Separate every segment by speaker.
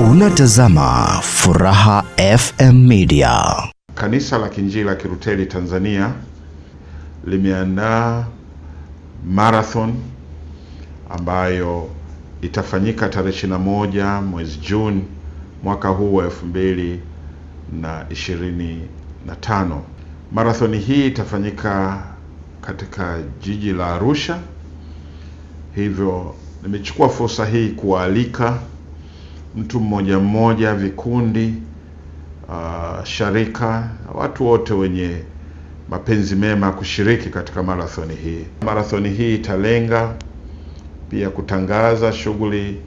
Speaker 1: Unatazama Furaha FM Media. Kanisa la Kinjili la Kilutheri Tanzania limeandaa marathon ambayo itafanyika tarehe 21 mwezi Juni mwaka huu wa 2025. Marathoni hii itafanyika katika jiji la Arusha, hivyo nimechukua fursa hii kuwaalika mtu mmoja mmoja, vikundi, uh, sharika, watu wote wenye mapenzi mema kushiriki katika marathoni hii. Marathoni hii italenga pia kutangaza shughuli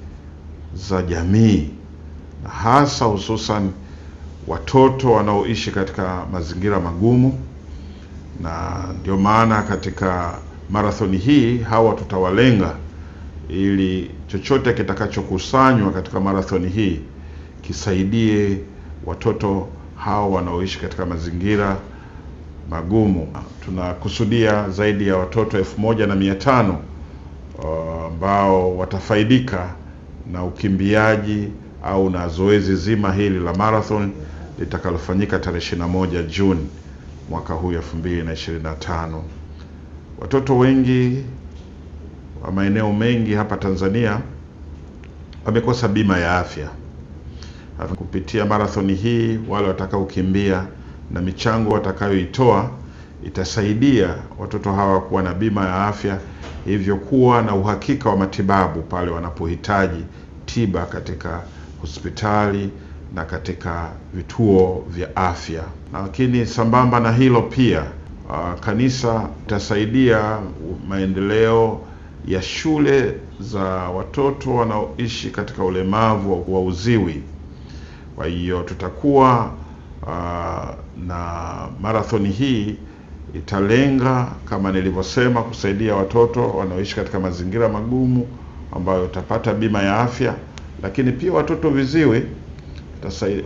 Speaker 1: za jamii na hasa hususan watoto wanaoishi katika mazingira magumu, na ndio maana katika marathoni hii hawa tutawalenga ili chochote kitakachokusanywa katika marathoni hii kisaidie watoto hao wanaoishi katika mazingira magumu. Tunakusudia zaidi ya watoto elfu moja na mia tano uh, ambao watafaidika na ukimbiaji au na zoezi zima hili la marathon litakalofanyika tarehe 21 Juni mwaka huu 2025. Watoto wengi maeneo mengi hapa Tanzania wamekosa bima ya afya. Kupitia marathoni hii, wale watakaokimbia na michango watakayoitoa itasaidia watoto hawa kuwa na bima ya afya, hivyo kuwa na uhakika wa matibabu pale wanapohitaji tiba katika hospitali na katika vituo vya afya. Lakini sambamba na hilo pia, uh, kanisa itasaidia maendeleo ya shule za watoto wanaoishi katika ulemavu wa uziwi. Kwa hiyo tutakuwa uh, na marathoni hii italenga kama nilivyosema, kusaidia watoto wanaoishi katika mazingira magumu ambayo watapata bima ya afya, lakini pia watoto viziwi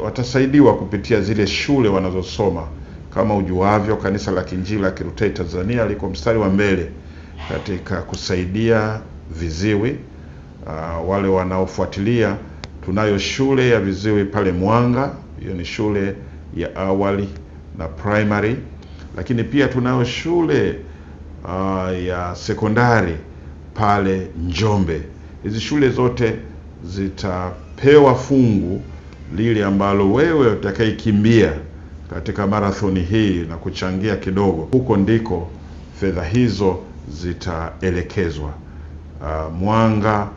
Speaker 1: watasaidiwa kupitia zile shule wanazosoma. Kama ujuavyo, Kanisa la Kiinjili la Kilutheri Tanzania liko mstari wa mbele katika kusaidia viziwi uh, wale wanaofuatilia. Tunayo shule ya viziwi pale Mwanga, hiyo ni shule ya awali na primary, lakini pia tunayo shule uh, ya sekondari pale Njombe. Hizi shule zote zitapewa fungu lile ambalo wewe utakayekimbia katika marathoni hii na kuchangia kidogo, huko ndiko fedha hizo zitaelekezwa uh, Mwanga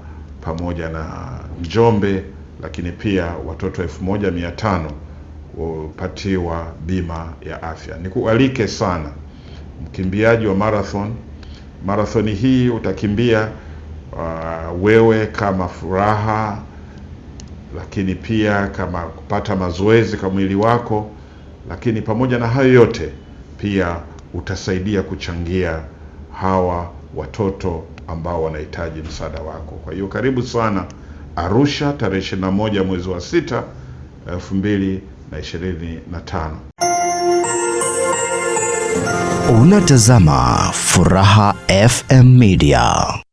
Speaker 1: pamoja na Njombe, lakini pia watoto elfu moja mia tano bima ya afya. Nikualike sana mkimbiaji wa marathon. Marathoni hii utakimbia uh, wewe kama furaha, lakini pia kama kupata mazoezi kwa mwili wako, lakini pamoja na hayo yote pia utasaidia kuchangia hawa watoto ambao wanahitaji msaada wako. Kwa hiyo karibu sana Arusha tarehe 21 mwezi wa 6 2025. Unatazama Furaha FM Media.